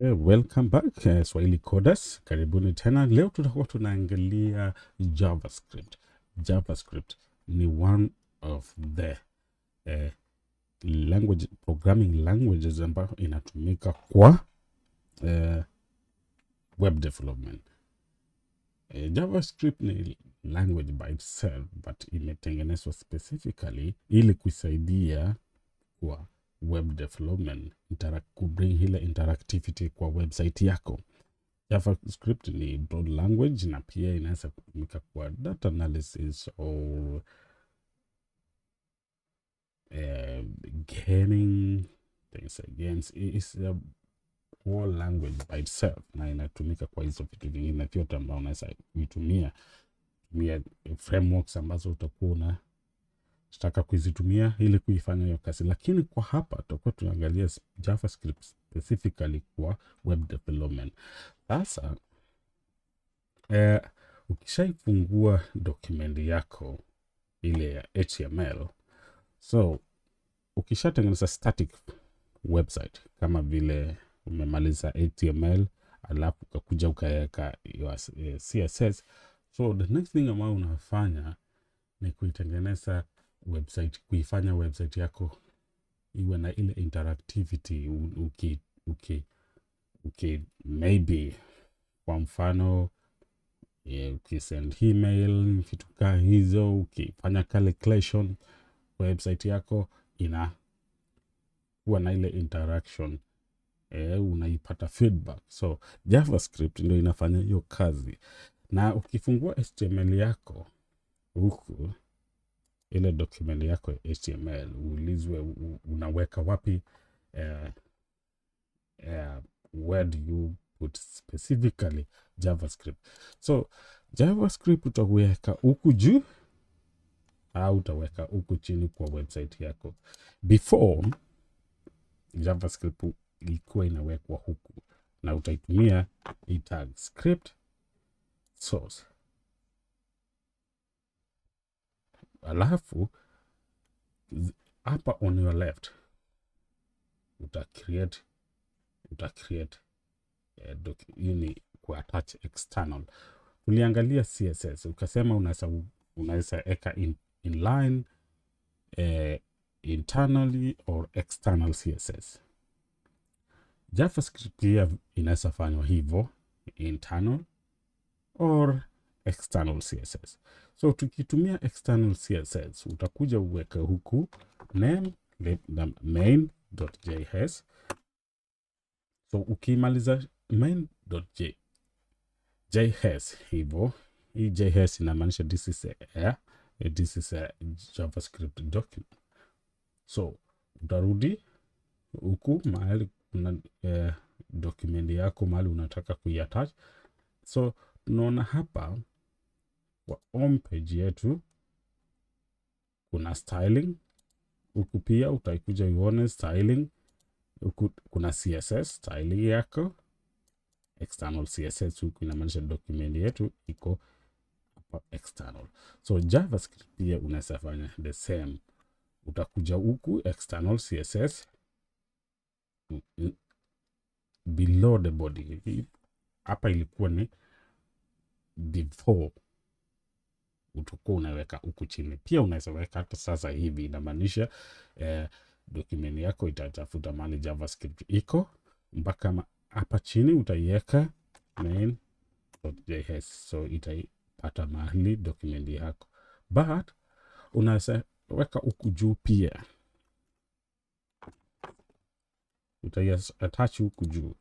Eh, welcome back uh, Swahili Coders, karibuni tena. Leo tutakuwa tunaangalia JavaScript. JavaScript ni one of the uh, language, programming languages ambayo inatumika kwa uh, web development. Uh, JavaScript ni language by itself but imetengenezwa specifically ili kuisaidia kwa web development interact, kubring hile interactivity kwa website yako. JavaScript ni broad language na pia inaweza kutumika kwa data analysis or uh, gaming things against is a whole language by itself, na inatumika kwa hizo vitu vingine vyote ambao unaweza kuitumia tumia frameworks ambazo utakuwa una tutaka kuzitumia ili kuifanya hiyo kazi, lakini kwa hapa tutakuwa tunaangalia JavaScript specifically kwa web development. Sasa eh, ukishaifungua dokumenti yako ile ya HTML, so ukishatengeneza static website kama vile umemaliza HTML alafu ukakuja ukaweka eh, CSS, so the next thing ambayo unafanya ni kuitengeneza website, kuifanya website yako iwe na ile interactivity uki, uki, uki maybe kwa mfano yeah, ukisend email vitu kaa hizo, ukifanya calculation, website yako ina kuwa na ile interaction eh, unaipata feedback. So JavaScript ndio inafanya hiyo kazi, na ukifungua HTML yako huku ile document yako ya HTML uulizwe unaweka wapi uh, uh, where do you put specifically JavaScript. So JavaScript utaweka huku juu au utaweka huku chini kwa website yako. Before JavaScript ilikuwa inawekwa huku na utaitumia itag script source Alafu hapa on your left uta create uta create eh, hii ni attach external. Uliangalia CSS ukasema unaweza unaweza eka in, inline eh, internally or external CSS. JavaScript pia inaweza fanywa hivyo internal or external CSS. So tukitumia external CSS utakuja uweke huku name main.js. So ukimaliza main.js hivyo, hii js inamaanisha this is a, eh, this is a javascript document. So utarudi huku mahali kuna eh, document yako mahali unataka kuiattach. So tunaona hapa kwa home page yetu kuna styling huku pia utaikuja uone styling huku, kuna CSS styling yako external CSS huku inamaanisha document yetu iko hapa external. So JavaScript pia unaweza fanya the same, utakuja huku external CSS below the body. Hapa ilikuwa ni before utakuwa unaweka huku chini. Pia unaweza weka hata sasa hivi, inamaanisha eh, document yako itatafuta mahali JavaScript iko mpaka hapa chini utaiweka main.js, so itaipata mahali document yako, but unaweza weka huku juu pia utaiattach huku juu,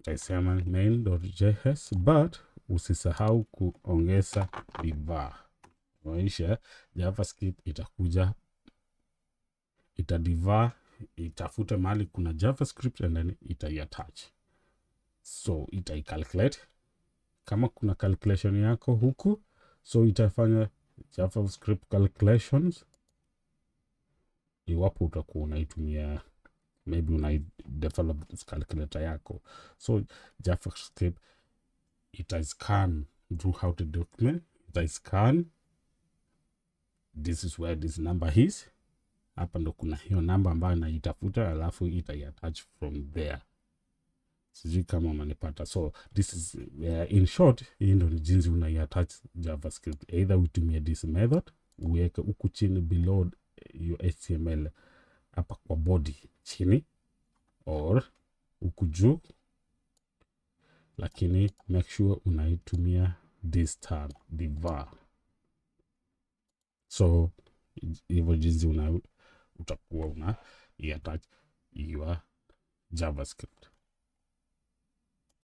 utasema main.js but Usisahau kuongeza divar. Maisha JavaScript itakuja divar itafute mahali kuna JavaScript and then itaiattach. So itaicalculate kama kuna calculation yako huku, so itafanya JavaScript calculations iwapo utakuwa unaitumia maybe una develop calculator yako, so JavaScript itascan drew how to document scan this is where this number is hapa ndo kuna hiyo namba ambayo naitafuta alafu attach from there sijui kama umenipata so this is uh, in short hii ndo ni jinsi unaiattach javascript either utumie this method uweke huku chini below your html hapa kwa body chini or huku juu lakini make sure unaitumia this tab divar. So hivyo jinsi una utakuwa una attach your JavaScript.